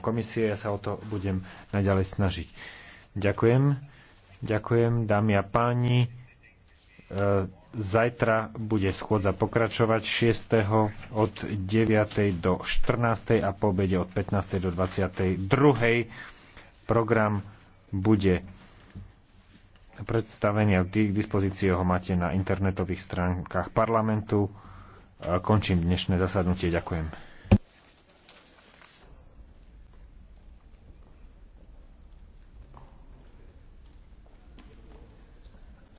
komisie. Ja sa o to budem naďalej snažiť. Ďakujem. Ďakujem, dámy a páni. E, zajtra bude schôdza pokračovať 6. od 9. do 14. a po obede od 15. do 22. Program bude predstavený a k dispozícii ho máte na internetových stránkach parlamentu. E, končím dnešné zasadnutie. Ďakujem.